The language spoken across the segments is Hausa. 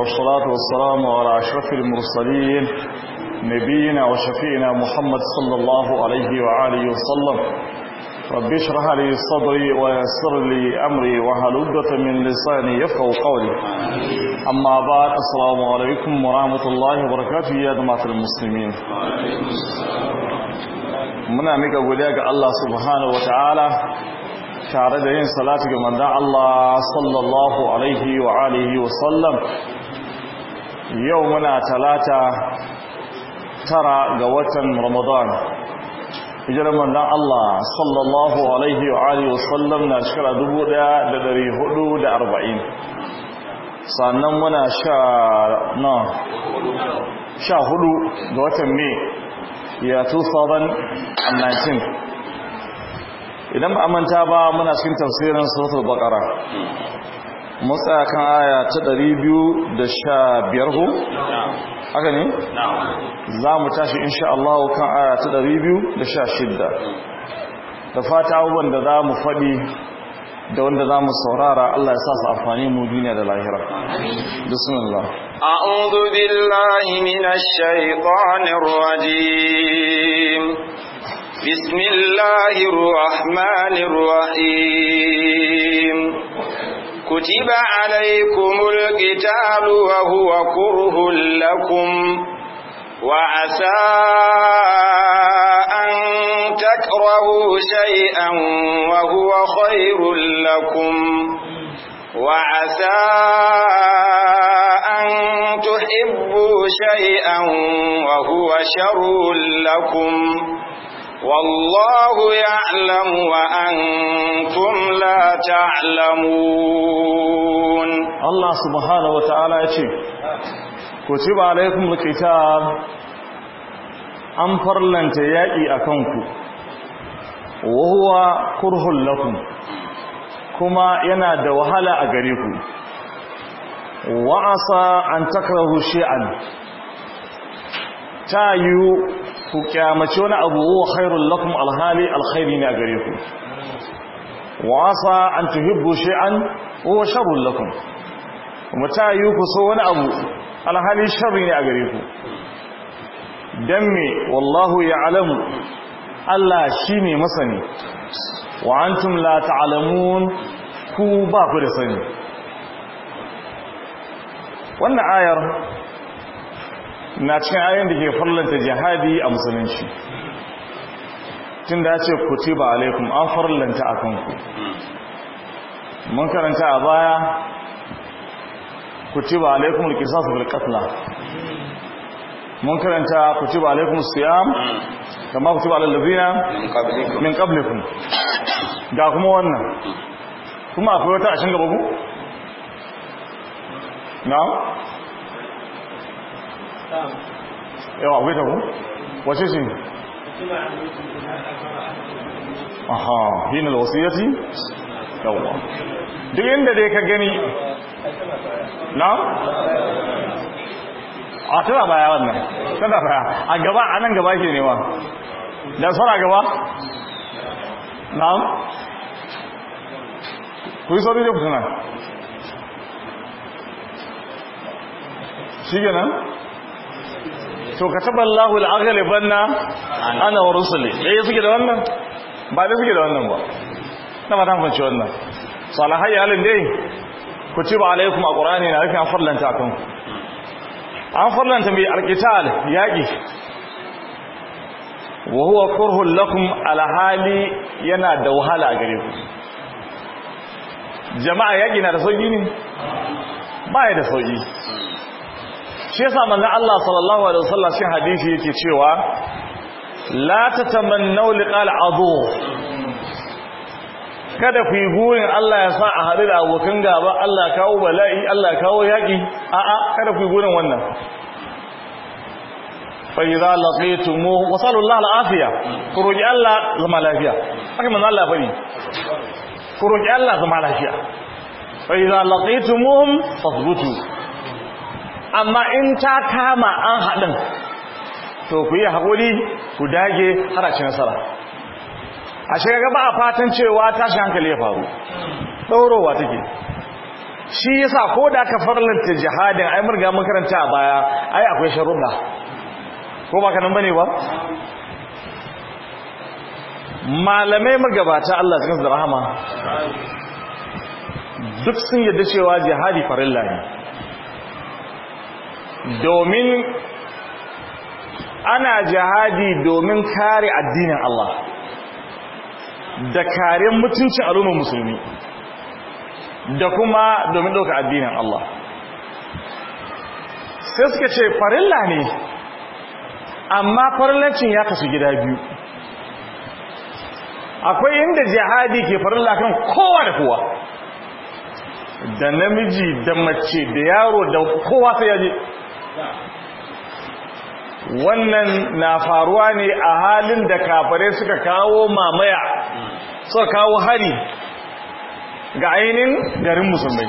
والصلاة والسلام على أشرف المرسلين نبينا وشفينا محمد صلى الله عليه وآله وسلم رب اشرح لي صدري ويسر لي أمري وهلدة من لساني يفقه قولي أما بعد السلام عليكم ورحمة الله وبركاته يا جماعة المسلمين من أمك godiya الله سبحانه وتعالى تعرضين صلاتك من دع الله صلى الله عليه وآله وسلم yau muna talata tara ga watan ramadan hijirar manzan Allah sallallahu alaihi wa alihi wasallam na shekara 1440 sannan muna sha na sha hudu ga watan mai ya 2019 idan ba a manta ba muna cikin tafsirin suratul baqara musa kan aya ta 215 hu haka ne za mu tashi insha Allah kan aya ta 216 da fata abubuwan da za mu faɗi da wanda za mu saurara Allah ya sa su amfani mu duniya da lahira bismillah a'udhu billahi minash shaitanir rajim bismillahir rahmanir rahim كتب عليكم القتال وهو كره لكم وعسى أن تكرهوا شيئا وهو خير لكم وعسى أن تحبوا شيئا وهو شر لكم والله يعلم وأنتم لا تعلمون الله سبحانه وتعالى ci كتب عليكم الكتاب an farlanta yaƙi a kanku wahuwa kurhun lakum kuma yana da wahala a gare ku wa'asa an takrahu shi'an ta yiwu ku kyamace wani abu wa oh, khairul lakum alhali alkhairi ne a gare ku wa asa an tuhibbu shay'an wa sharrul lakum yi ku so wani abu alhali sharri ne a gare ku dan me wallahu ya'lamu Allah shine masani wa antum la ta'lamun ku ba ku da sani wannan ayar na cikin ayin da ke farlanta jihadi a musulunci tun da ce ba alaikum an farlanta a kanku mun karanta a baya ba alaikum alqisas bil qatl mun karanta ba alaikum siyam kama kuti ba ladina min kablikun ga kuma wannan kuma akwai wata a cikin gaba ku Na? yawa akwai ta ku wace shi aha hinal wasiyati yawa duk inda dai ka gani na a tana baya wannan tana baya a gaba a nan gaba ke nema da saura gaba Na? ku yi sauri da kusa nan shi nan to Allahu al-aghlibanna ana wa rusuli dai suke da wannan ba dai suke da wannan ba na ba ta fanci wannan salahai halin dai ku ci ba alaikum alqurani na na an farlanta kan an farlanta mai alqital yaqi wa huwa kurhul lakum alhali yana da wahala gare ku jama'a yaqi na da sauki ne ba ya da sauki shi yasa manzo Allah sallallahu alaihi wasallam shi hadisi yake cewa la tatamannu liqal adu kada ku yi burin Allah ya sa a haɗu da abokan gaba Allah kawo bala'i Allah kawo yaƙi a'a kada ku yi burin wannan fa idza laqitumu wa sallallahu al'afiya ku roki Allah zama lafiya haka manzo Allah fari ku roki Allah zama lafiya fa idza laqitumuhum fasbutu amma in ta kama an haɗin to ku yi haƙuri ku dage har a nasara a shiga ba a fatan cewa tashi hankali ya faru ɗaurowa take shi yasa ko da aka farlanta jihadin ai murga makaranta a baya ai akwai sharuɗa ko ba nan bane ba malamai magabata Allah cikin rahama duk sun yadda cewa jihadi farin lahi domin ana jihadi domin kare addinin Allah da kare mutuncin al'ummar musulmi da kuma domin ɗauka addinin Allah sai suka ce farilla ne amma farillancin ya kasu gida biyu akwai inda jihadi ke farilla kan kowa da kowa da namiji da mace da yaro da kowa sai yaje wannan na faruwa ne a halin da kafare suka kawo mamaya suka kawo hari ga ainihin garin musulmai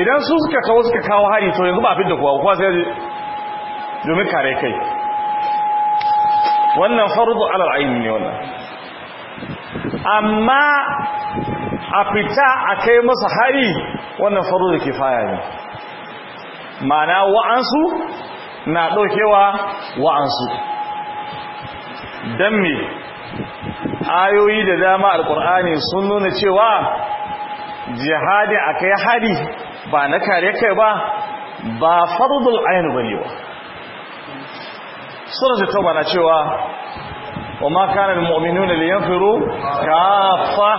idan su suka kawo suka kawo hari to yanzu ba fi da kuwa kuwa sai domin kare kai wannan farudu alal ainihin ne wannan amma a fita a kai masa hari wannan farudu faya ne mana wa'ansu na ɗaukewa wa'ansu don me ayoyi da dama Alƙur'ani sun nuna cewa jihadi a kai hari ba na kare kai ba ba fardul ainihin bane ba suratul tauba na cewa وما كان المؤمنون لينفروا كافة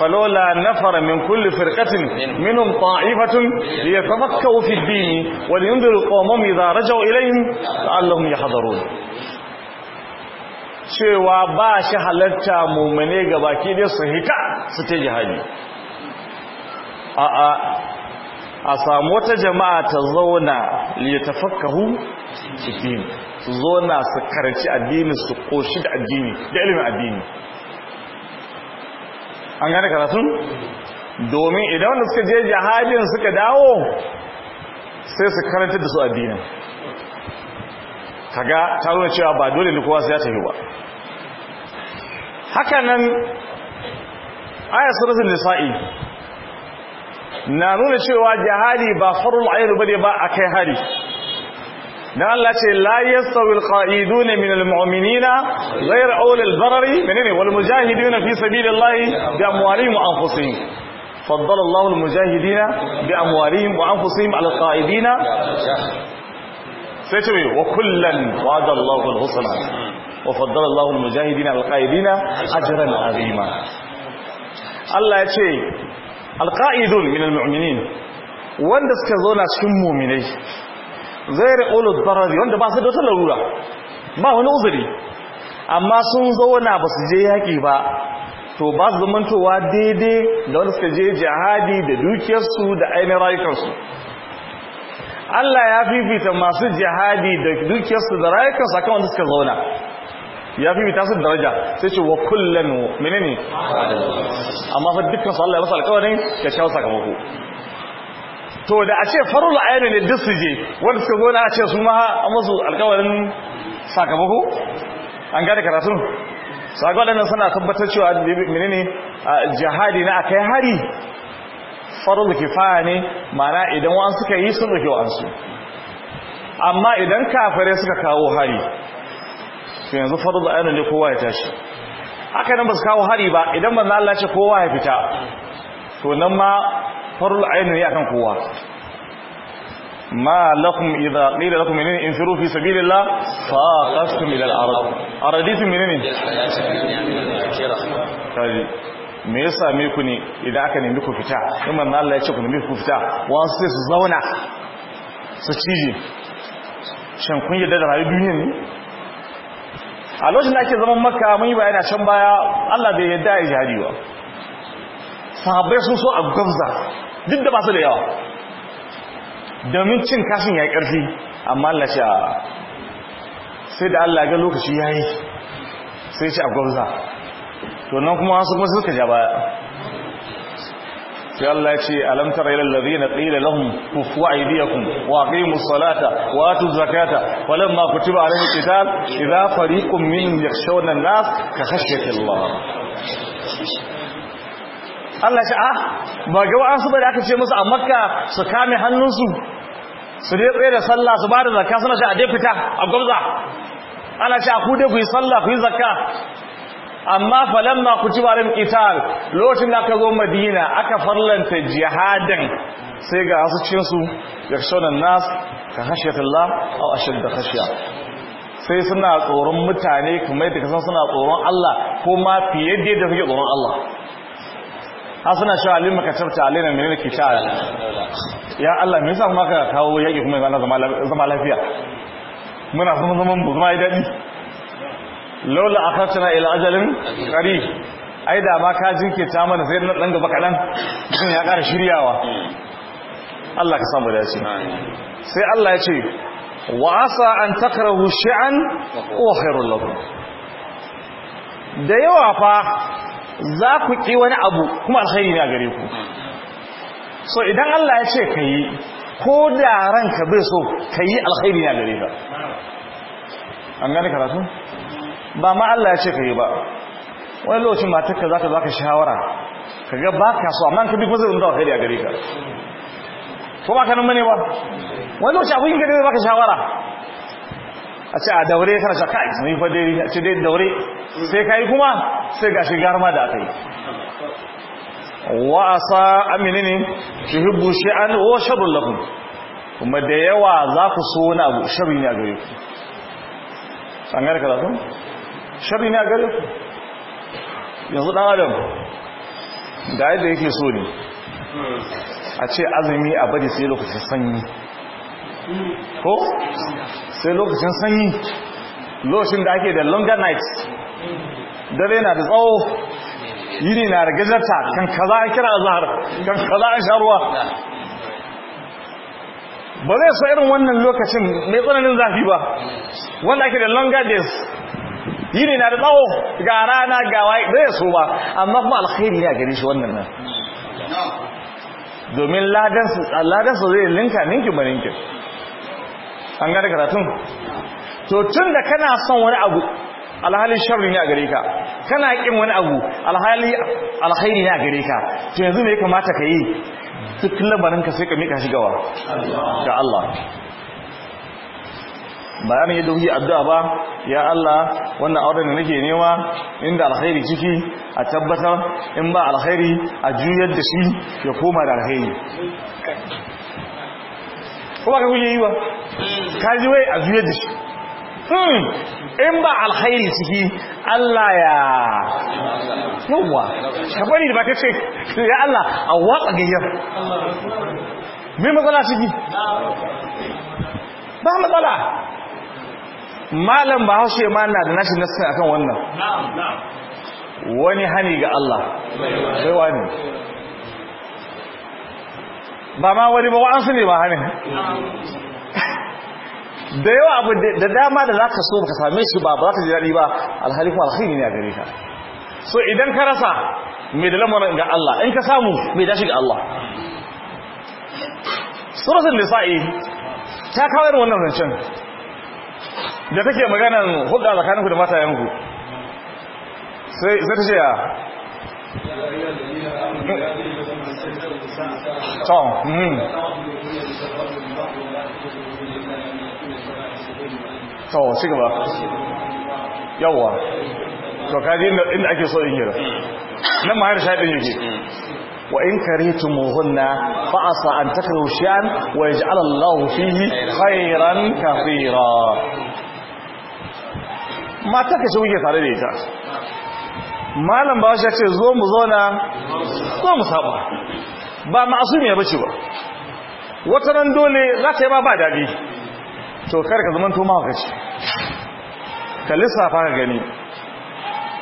فلولا نفر من كل فرقة منهم طائفة ليتفكوا في الدين ولينذروا قومهم إذا رجعوا إليهم لعلهم يحذرون cewa ba shi halarta mummune ga baki dai su hika su ta jihadi a'a a samu wata jama'a ta zauna litafakkahu cikin su zauna su karanci addini su koshi da addini da ilimin addini an gane karatun domin idan wanda suka je jihadin suka dawo sai su karanta da su addinin kaga ta nuna cewa ba dole ne kowa su ya tafi ba haka nan ayat nisa'i na nuna cewa jahali ba farul ayyar bane ba akai hari dan Allah ce la yastawi alqa'idun min almu'minina ghayr awl albarri minni wal mujahidin fi sabilillahi bi amwalihim wa anfusihim faddala Allahu almujahidina bi amwalihim wa anfusihim ala alqa'idina sai ce wa kullan wa'ada Allahu alhusna wa faddala Allahu almujahidina alqa'idina ajran azima Allah ya ce alqa'idun min almu'minin wanda suka zauna cikin mu'minai zairi ulul barari wanda ba su da wata larura ba wani uzuri amma sun zauna ba su je yaƙi ba to ba su zamantowa daidai da wanda suka je jihadi da dukiyarsu da ainihin rayukansu Allah ya fifita masu jihadi da dukiyarsu da rayukansu akan wanda suka zauna ya fi mita su daraja sai ce wa kullum menene amma fa dukkan su Allah ya rasa alƙawarin ya shawo sakamako to da a ce farul ayyana ne duk su je wanda suka gona a ce su ma a masu alƙawarin sakamako an gane karatun sakon waɗannan suna tabbatar cewa menene jihadi na kai hari farul kifaya ne mana idan wa'an suka yi sun rufe wa'ansu amma idan kafare suka kawo hari to yanzu farz ayyana ne kowa ya tashi haka nan ba su kawo hari ba idan manzo Allah ce kowa ya fita to nan ma farz ayyana ne akan kowa ma lakum idza qila lakum inna infiru fi sabilillah ila al-ard minni kaji me yasa me ku ne idan aka nemi ku fita in manzo Allah ya ce ku nemi ku fita wasu sai su zauna su cije shan kun yadda da rayu duniyar ne a lokacin da ake zaman maka mun yi bayana can baya Allah bai yadda ya jihadi ba sahabbai sun so a gwamza duk da ba su da yawa domin cin kashin ya karfi amma Allah a sai da Allah ga lokaci ya yi sai ce a gwamza to nan kuma wasu kuma suka ja baya sai Allah ya ce alam tara ilal ladina qila lahum kufu aydiyakum wa aqimus salata wa atuz zakata walamma kutiba alayhim qital idha fariqun minhum yakhshawna an-nas ka khashyati Allah Allah ya ah ba ga wa'ansu ba da aka ce musu a Makka su kame hannunsu su dai tsaye da sallah su bada zakka suna ta a dai fita a gwamza ana sha a ku dai ku yi sallah ku yi zakka amma ku ci warin qital lokacin da aka zo madina aka farlanta jihadin sai ga wasu cikin su shonan nas ka a aw da khashya sai suna tsoron mutane kuma yadda kasan suna tsoron Allah ko ma fiye da yadda suke tsoron Allah ha suna shi alim maka tabta alaina menene qital ya Allah me yasa kuma ka kawo yaki kuma zama lafiya muna son zaman mu zama daɗi laula akhartana ila ajalin kari ai da ma ka jinkirta mana sai na dan gaba kadan mutum ya ƙara shiryawa Allah ka samu dace sai Allah ya ce wa asa an takrahu shay'an wa khairul lakum da yawa fa za ku ki wani abu kuma alkhairi ne gare ku so idan Allah ya ce kai ko da ranka bai so kai alkhairi ne gare ka an gane karatu ba ma Allah ya ce ka yi ba wani lokacin matarka za ka za ka shawara ka ga ba ka so amma ka bi kuma da wakari kai a gare ka ko ba ka nan mani ba wani lokacin abokin ka zai ba ka shawara a ce a daure kana sha kai sun yi fa a ce dai daure sai ka yi kuma sai ga shigar ma da aka yi wa asa amini ne tuhibbu an wa sharrun lakum kuma da yawa za ku so wani abu sharri ne a gare ku an gane karatu shari ne a gare ku yanzu dan adam da yadda yake so ne a ce azumi a bari sai lokacin sanyi ko sai lokacin sanyi lokacin da ake da longer night dare na da tsawo ne na da gajarta kan kaza an kira zahar kan kaza an sharuwa ba zai so irin wannan lokacin mai tsananin zafi ba wanda ake da longer days yini na da tsawo ga rana ga waye zai so ba amma kuma alkhairi ne a gare shi wannan nan domin ladansu ladansu zai linka ninkin ba ninkin an gane karatun to tun da kana son wani abu alhali sharri ne a gare ka kana kin wani abu alhali alkhairi ne a gare ka to yanzu me ya kamata ka yi duk labarin ka sai ka mika shi gawa ga Allah ba yana yadda kuke addu'a ba ya Allah wannan auren da nake nema inda alkhairi ciki a tabbatar in ba alkhairi a juyar da shi ya koma da alkhairi kuma ka kuke yi ba hmm. ka ji wai a juyar da shi hmm. in ba alkhairi ciki Allah ya yawwa ka bari da ba ka ce ya Allah a watsa gayyar me matsala ciki ba matsala malam ba haushe ma na da nashi nasa akan wannan wani hani ga Allah sai wani ba ma wani ba wa'ansu ne ba hani? da yawa abu da dama da za ka so ka same shi ba za ka ji daɗi ba alhali alhaini ne a gare ka so idan ka rasa mai da lamarin ga Allah in ka samu mai dashi ga Allah suratul nisa'i ta kawo wannan rancen da take maganan hulɗa tsakaninku da matayenku sai ta ce ya tom to shi gaba yawwa to kaji inda ake so in yira nan ma har shaɗin yake wa in وإن كرهتموهن فعسى أن تكرهوا شيئا ويجعل الله fihi خيرا kathira mata ka shi tare da ita malam ba shi ce zo mu zauna zo mu saba ba ma'asumiya bace ba wata nan dole za ta yi ba ba daɗi to kar ka zaman toma ka ce ka lissafa ka gani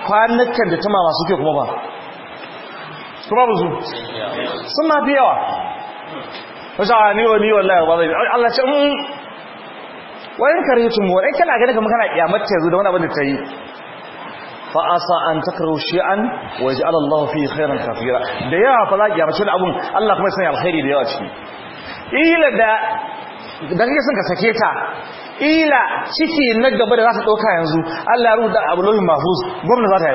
kwanakan da ta mama suke kuma ba su ba buzu sun ma fi yawa wasu a ni niwa Allah ba zai Allah ce mm, wani karhitun mu wani kana ganin kamar kana kiyamata yanzu da wani abin da ta yi fa asa an takrahu shay'an wa yaj'al Allah fi khairan kafira da yawa fa za ki shi da abun Allah kuma sanya alkhairi da yawa ciki ila da dan kake son ka sake ta ila ciki na gaba da za ta ɗauka yanzu Allah ya rubuta abu lauyin mafus gwamna za ta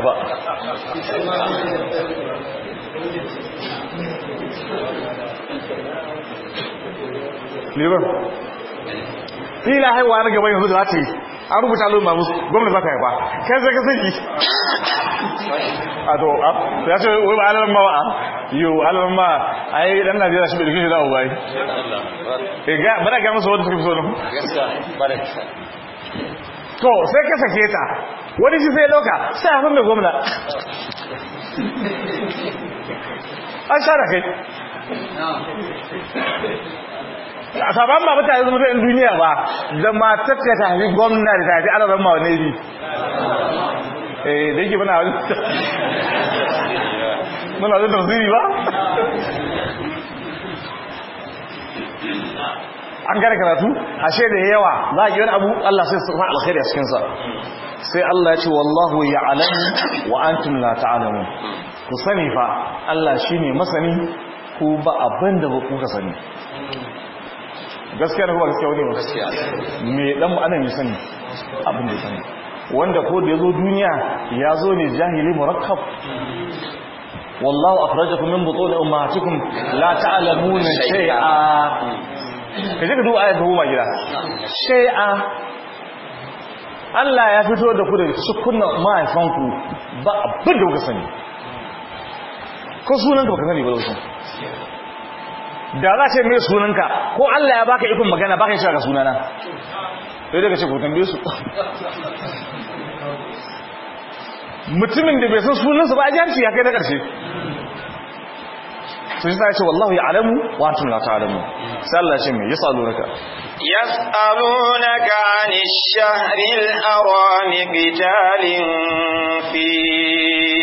yi ba kila haihuwa na gaba yanzu da za ta yi an rubuta lulun mamus gwamna za ta haifa kai sai ka saki a to a ya ce wai ba alalan ba yo alalan ma a yi dan najeriya shi bai dukin shi da yi bada eh, ga musu wadda suka fi sonin to sai ka sake ta wani shi sai loka sai a hannun da gwamna an sha kai saban ba mutane zama fi'in duniya ba da matar ka haifi gwamna da haifi ana zama wane bi eh da yake muna wani muna wani tafsiri ba an gane karatu ashe da yawa za a yi wani abu Allah sai su kuma alkhairi a cikinsa sai Allah ya ce wallahu ya alamu wa na ta alamu ku sani fa Allah shine masani ku ba abin da ba ku ka sani gaskiya na kuma gaskiya wani gaskiya mai dan ana ya sani abin da sani wanda ko da ya zo duniya ya zo ne jahili murakkab wallahu akhrajakum min butun ummahatikum la ta'lamuna shay'a kaje ka duba ayat da huma gida shay'a Allah ya fito da ku daga cikunnan mahaifanku ba abin da kuka sani ko sunan ka baka sani ba lokacin da za ce mai sunanka ko Allah ya baka ikon magana baka shi ga sunana sai daga ce ko tambaye su mutumin da bai san sunansa ba a jihar ya kai na ƙarshe su shi ce wallahu ya alamu wa tun la ta'lamu sai Allah ce mai yasalunaka yasalunaka anish shahril haram qitalin fi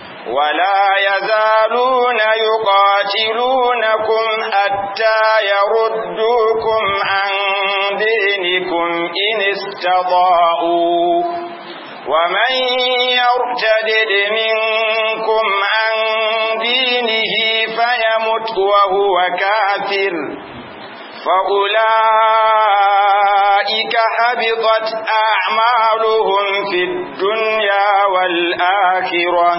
ولا يزالون يقاتلونكم حتى يردوكم عن دينكم إن استطاعوا ومن يرتدد منكم عن دينه فيمت وهو كافر فأولئك حبطت أعمالهم في الدنيا والآخرة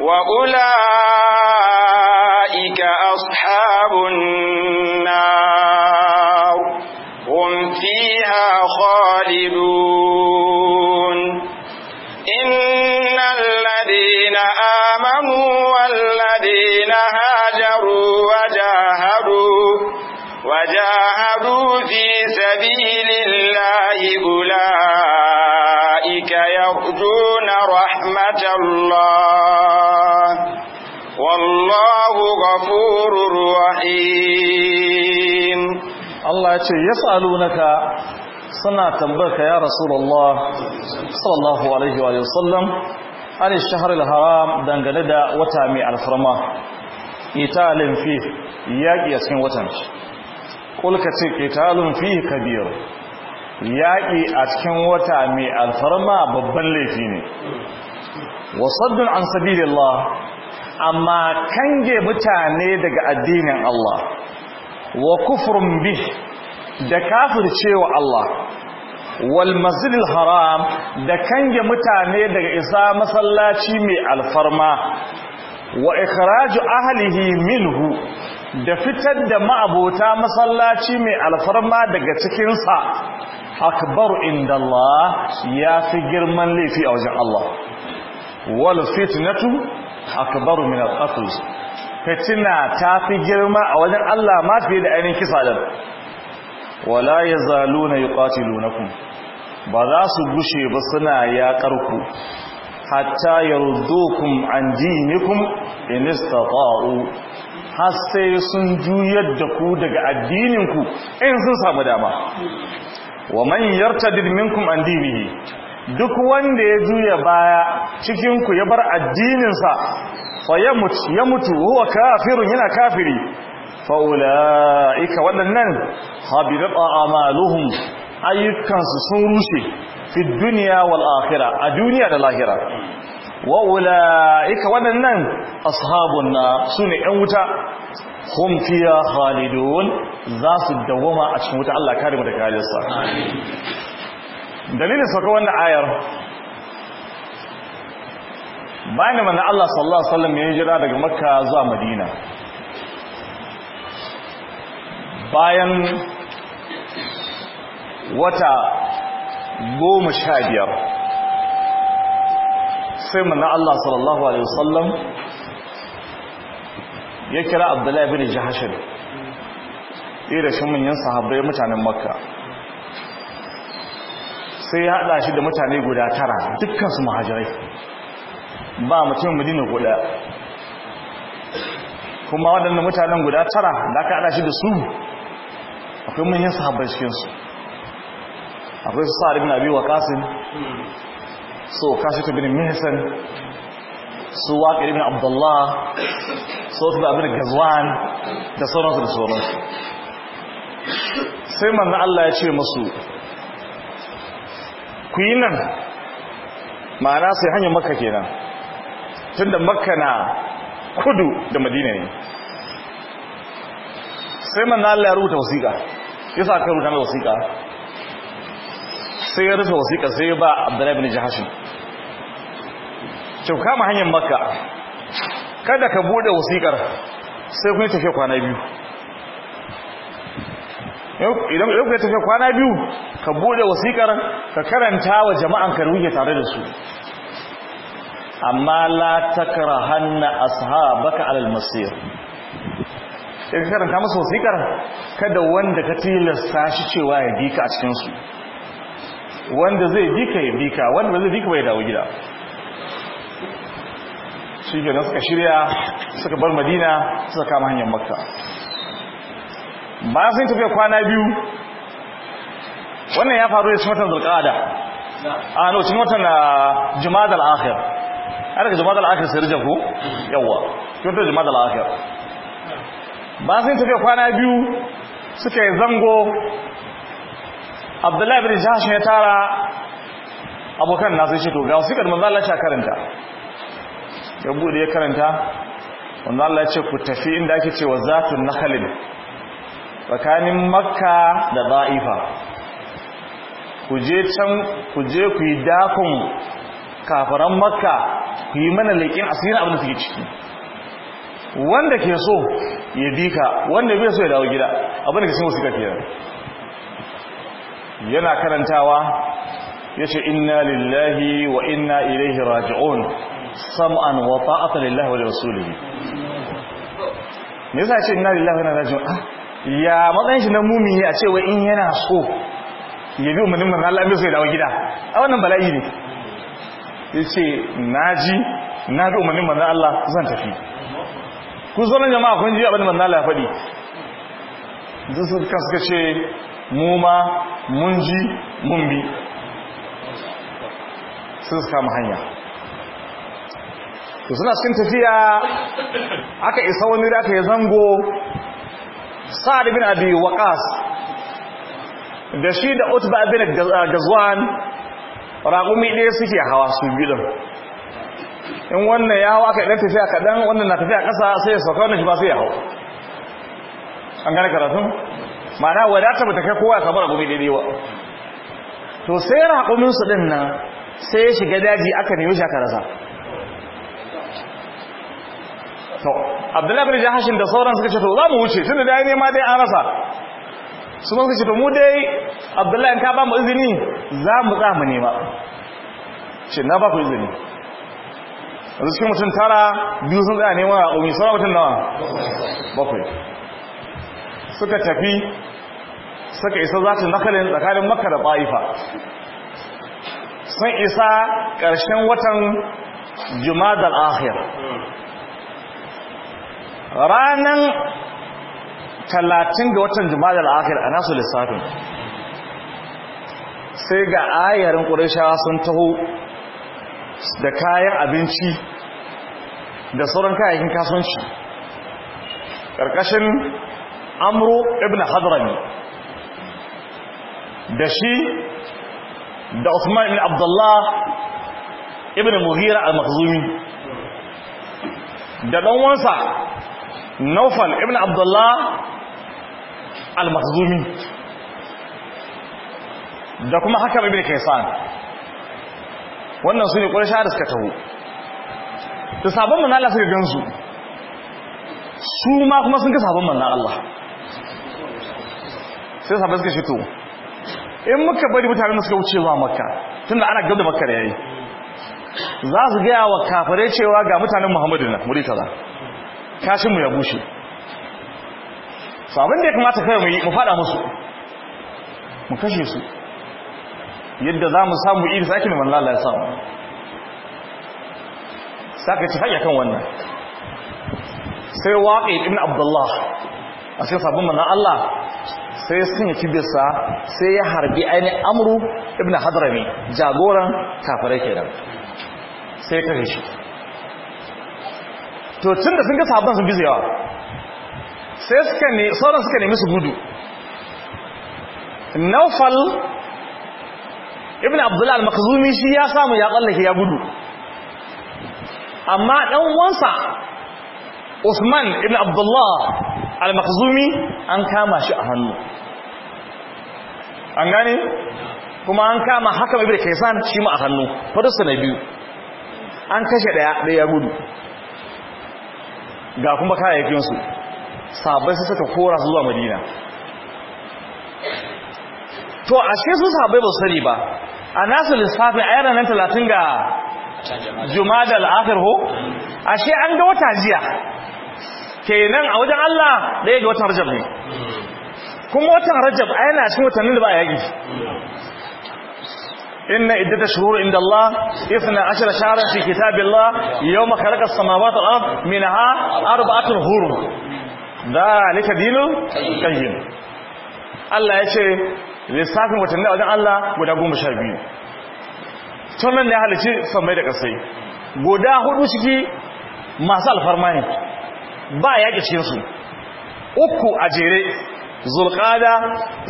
وأولئك أصحاب النار هم فيها خالدون إن الذين آمنوا ta'ala ce yas'alunaka suna tambarka ya rasulullah sallallahu alaihi wa sallam an shahr al-haram dangane da wata mai alfarma italin fi yaƙi a cikin watan shi kulka ce italin fi kabir yaki a cikin wata mai alfarma babban laifi ne wasaddun an sabilillah amma kange mutane daga addinin Allah wa kufurin bih da kafircewa Allah wal masjidil haram da kange mutane daga isa masallaci mai alfarma wa ikhraju ahlihi minhu da fitar da ma'abota masallaci mai alfarma daga cikinsa akbar inda Allah ya fi girman laifi a wajen Allah wal fitnatu akbar min al-qatl fitina ta fi girma a wajen Allah ma fiye da ainihin kisa wala ya zalo na yi yazaluna lunakun ba za su gushe ba suna yaƙar ku hatta yardukum an dinikum in istata'u har sai sun juyar da ku daga addininku in sun samu dama wa man yartadid minkum an dinihi duk wanda ya juya baya cikinku ya bar addininsa fa ya mutu ya mutu kafirun yana kafiri fa'ula'ika waɗannan habibat a ayyukansu sun rushe fi duniya wal akhira a duniya da lahira wa'ula'ika waɗannan ashabun na su ne ‘yan wuta hum fiya za su dawoma a cikin wuta Allah kare mu da kariyarsa dalilin sauka wannan ayar bayan da manna Allah sallallahu Alaihi wasallam ya jira daga makka zuwa madina bayan wata goma sha biyar sai mana Allah sallallahu Alaihi wasallam ya kira abdullahi bin jihashin ɗaya da shi manyan sahabbai mutanen makka sai ya haɗa shi da mutane guda tara dukkan su mahajirai ba mutum madina guda kuma waɗanda mutanen guda tara da aka haɗa shi da su akwai manyan sahabbai cikinsu akwai su sa'ad ibn abi waqasin so kashi ibn mihsan su waqir ibn abdullah so su da abin gazwan da sauransu da sauransu sai manzo Allah ya ce musu ku yi nan ma'ana sai hanyar makka kenan tunda makka na kudu da madina ne sai manzo Allah ya rubuta wasiƙa yasa aka rubuta mai wasiƙa sai ya rufe wasiƙa sai ya ba abdullahi bin jahashin ce kama hanyar makka kada ka bude wasiƙar sai kun tafiya kwana biyu idan ku yi tafiya kwana biyu ka bude wasiƙar ka karanta wa jama'an karuwa tare da su amma la sahaba ashabaka alal masir sai ka karanta masa wasikar kada wanda ka tilasta shi cewa ya bi ka a cikinsu wanda zai bi ka ya bi ka wanda ba zai bi ka bai dawo gida shi ke suka shirya suka bar madina suka kama hanyar makka Ba sun tafiya kwana biyu wannan ya faru da cimatan watan zulkada a ah, no cimatan na ah, jumadal al'akhir har daga jumadal al'akhir sai rijar ku hmm. yawwa cikin watan al'akhir ba sun tafiya kwana biyu suka yi zango abdullahi bin jahashin ya tara abokan nasu ce to ga wasu ikar manzo Allah ya karanta ya bude ya karanta manzo Allah ya ce ku tafi inda ake cewa na halin tsakanin makka da za'ifa ku je can ku je ku yi dakon kafaran makka ku yi mana leƙin asirin abin da suke ciki wanda ke so ya bi ka wanda bai so ya dawo gida abin da ke su ka kenan yana karantawa ya ce inna lillahi wa inna ilaihi raji'un sam'an wa ta'atan lillahi wa rasulihi me yasa ce inna lillahi wa inna raji'un ah, ya matsayin shi na mumini a cewa in yana so ya bi umarnin manzan Allah bai so ya dawo gida a wannan bala'i ne ya ce na ji na bi umarnin manzan Allah zan tafi ku sauran jama'a kun ji abin manna la faɗi zai su kaskace suka mu ma mun ji mun bi sun suka mu hanya to suna cikin tafiya aka isa wani da aka yi zango sa'ad bin abi waqas da shi da utba bin gazwan raƙumi ɗaya suke hawa su biyu in wannan ya hau aka idan tafiya kaɗan wannan na tafiya ƙasa sai ya sauka wannan shi ba sai ya hau an gane karatun mana wadata ba ta kai kowa kamar abu mai daidai ba to sai su ɗin nan sai ya shiga daji aka nemi shi aka rasa to abdullahi bin jahashin da sauran suka ce to za mu wuce tunda dai ne ma dai an rasa su ma suka ce to mu dai abdullahi in ka ba mu izini za mu za mu nema ce na ba ku izini yanzu cikin mutum tara biyu sun tsaya neman raƙumi sauran mutum nawa bakwai suka tafi suka isa za su nakalin tsakanin makka da ba'ifa sun isa ƙarshen watan jumadar akhir ranan talatin ga watan jumadar ahir a nasu lissafin sai ga ayarin ƙurishawa sun taho da kayan abinci da sauran kayayyakin kasuwanci ƙarƙashin amro ibn hadrami da shi da usman ibn abdullah ibn muhira al-makhzumi da ɗanwansa naufal ibn abdullah al-makhzumi da kuma hakan ibn kaisan wannan su ne ƙwarshe da suka taho da sabon manna Allah suka gansu su ma kuma sun ga sabon manna Allah sai sabon suka fito. in muka bari mutane suka wuce zuwa makka tun da ana gaba da makka da yayi za su gaya wa kafare cewa ga mutanen muhammadu na muri kaza kashinmu ya bushe sabon da ya kamata kai mu yi mu fada musu mu kashe su yadda za mu samu iri sake mai lalata ya samu saka ci haƙi kan wannan sai waƙe ibn abdullah a cikin sabon mana Allah sai sun yi kibisa sai ya harbi ainihin amuru ibn hadrami jagoran kafirai kenan sai ka shi to tun da sun ga sabon sun bizewa sai sauran suka nemi su gudu naufal ibn abdullahi al-makhzumi shi ya samu ya tsallake ya gudu amma dan uwansa usman ibn abdullahi al-makhzumi an kama shi a hannu an gane kuma an kama hakan ibn kaisan shi ma a hannu fadarsa na biyu an kashe daya ya gudu ga kuma kayayyakinsu sabai su suka kora su zuwa madina to ashe su sabai ba su sani ba a nasu lissafin a nan talatin ga jumada da ho a shi an ga wata jiya ke nan a wajen Allah daya ga watan rajab ne kuma watan rajab aya na cin watannin da ba a yaƙi inna iddata shuhur inda Allah isna ashara shahara fi kitabi Allah yau makaraka samawa ta ɗan min ha arba'atul hurum da nika dinu kayyin Allah ya ce lissafin watanni da wajen Allah guda goma sha biyu tun nan ne ya san sammai da ƙasai guda hudu ciki masu alfarma ne ba yaƙi cikinsu uku a jere zulkada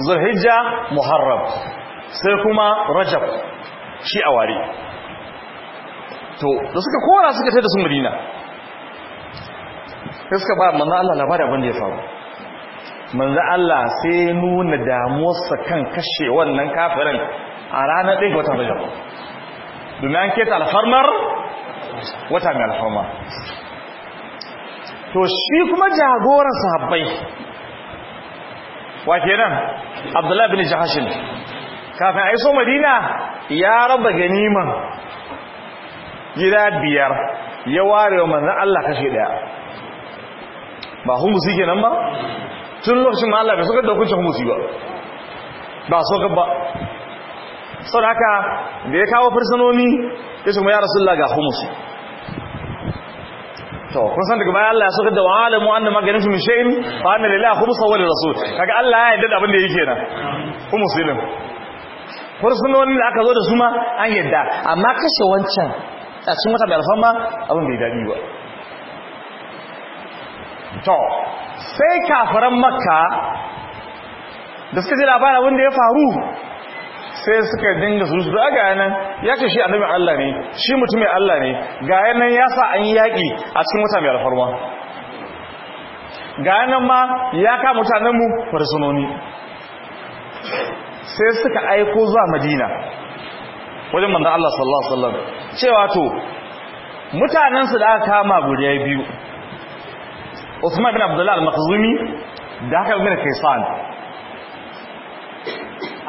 zulhijja muharrab sai kuma rajab shi a ware to da suka kora suka taida su madina suka ba manzo Allah labarin abin da ya faru manzo Allah sai nuna damuwarsa kan kashe wannan kafirin a ranar ɗin watan Rajab domin an keta alfarmar wata mai alfarmar. to shi kuma jagoran sahabbai wa kenan Abdullahi bin Jahashin kafin a iso Madina ya raba ganiman gida biyar ya ware wa manzan Allah kashe ɗaya. ba hungu suke nan ba tun lokacin ma Allah ka saukar da hukuncin humusi ba ba ka ba sau da haka da ya kawo fursunomi ya ce mu ya rasulullah ga humusi to kun san daga bayan Allah ya suka da wa alamu anna maganin shi min shay'in fa anna lillahi khumsa wa lirrasul kaga Allah ya yarda abin da yake nan humusi din fursunomi da aka zo da su ma an yadda amma kashe wancan a cikin wata mai alfama abin bai daɗi ba to sai kafaran makka da suka ji labarin wanda ya faru sai suka dinga su da ga yanan ya ce shi annabin Allah ne shi mutum mai Allah ne ga yanan ya sa an yi yaƙi a cikin wata mai alfarma ga yanan ma ya ka mutanenmu farsunoni sai suka aiko zuwa madina wajen manzan Allah sallallahu Alaihi wasallam cewa to mutanensu da aka kama guda biyu Uthman bin Abdullah al-Makhzumi da haka bin Kaysan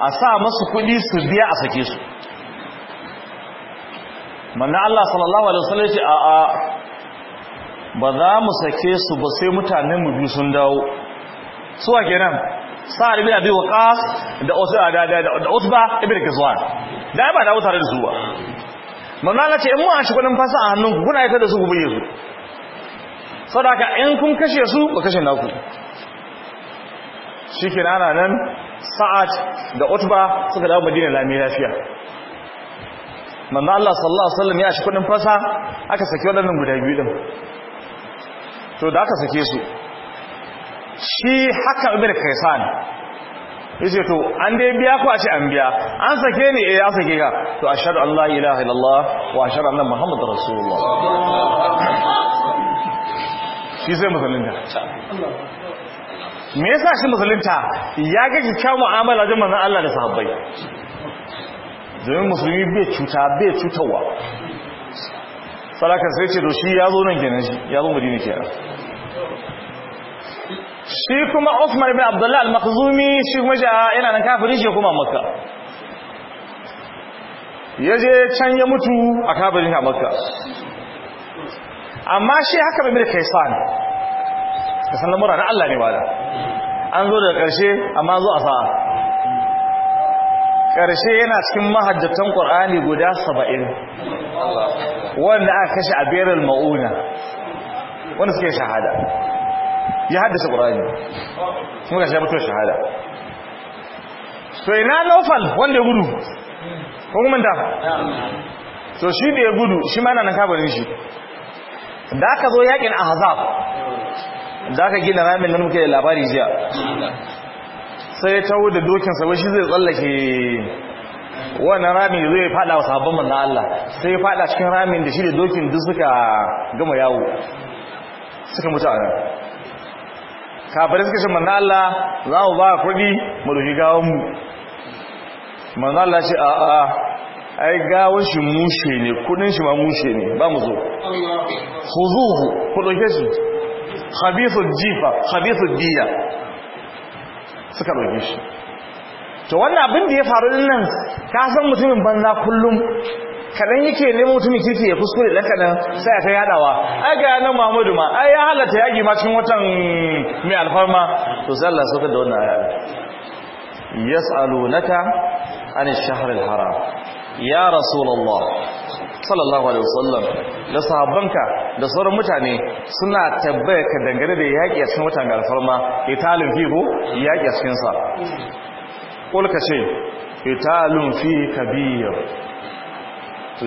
a sa masu kudi su biya a sake su manna Allah sallallahu alaihi wasallam ce a a ba za mu sake su ba sai mutanen mu bi sun dawo wa kenan sa ibn abi waqas da usba da da da usba ibn kiswan da ba dawo tare da su ba manna Allah ce in mu a shi kudin fasa a hannun ku kuna aika da su ku biye su sadaka in kun kashe su ba kashe naku shi ke nana nan sa'ad da utba suka dawo madina lami lafiya manzo Allah sallallahu alaihi wasallam ya shi kudin fasa aka saki wadannan guda biyu din to da aka sake su shi haka ibn kaisan yace to an dai biya ko a ce an biya an sake ni eh an sake ka to ashhadu an la ilaha illallah wa ashhadu anna muhammadar rasulullah shi zai musulunta me yasa shi musulunta ya gaji kyakkyawar mu'amala jin manzon Allah da sahabbai domin musulmi bai cuta bai cutarwa salakan sai ce to shi ya zo nan kenan shi ya zo madina kenan shi kuma Osmar ibn Abdullah al-Makhzumi shi kuma yana ah, nan kafiri shi kuma Makka yaje can ya mutu a kafirin a Makka amma shi haka mai kai sani ka san lamura na Allah ne wala an zo daga ƙarshe amma zo a sa'a ƙarshe yana cikin mahajjatan ƙur'ani guda saba'in wanda aka kashe a berin ma'una wanda suke shahada ya haddasa ƙur'ani kuma ga shi shahada so ina nofal wanda ya gudu ko kuma da so shi da ya gudu shi ma na nan kabarin shi da aka zo yakin ahzab da aka gina ramin nan muke da labari jiya sai ya tawo da dokin sa shi zai tsallake wannan ramin zai fada wa sahabban manzo Allah sai ya fada cikin ramin da shi da dokin duk suka gama yawo suka mutu a nan kafirai suka ce manzo Allah za mu ba kuɗi mu rufi gawon mu manzo Allah ce a'a ai gawon shi mushe ne kudin shi ma mushe ne ba mu zo huzuhu ku ɗauke shi khabithul jifa habisu diya suka ɗauke shi to wannan abin da ya faru din nan ka san mutumin banza kullum kadan yake neman mutumin kike ya kuskure dan kadan sai ya ta yadawa ai ga nan Muhammadu ma ai ya halatta yaki ma cikin watan mai alfarma to sai Allah sauka da wannan aya yas'alunaka an ash-shahr al-haram ya rasulallah, sallallahu alaihi wasallam da sahabbanka da sauran mutane suna tabbaya ka dangane da yaƙi a cikin watan alfarma italin fi ko yaƙi a cikin sa kulka ce italin fi kabir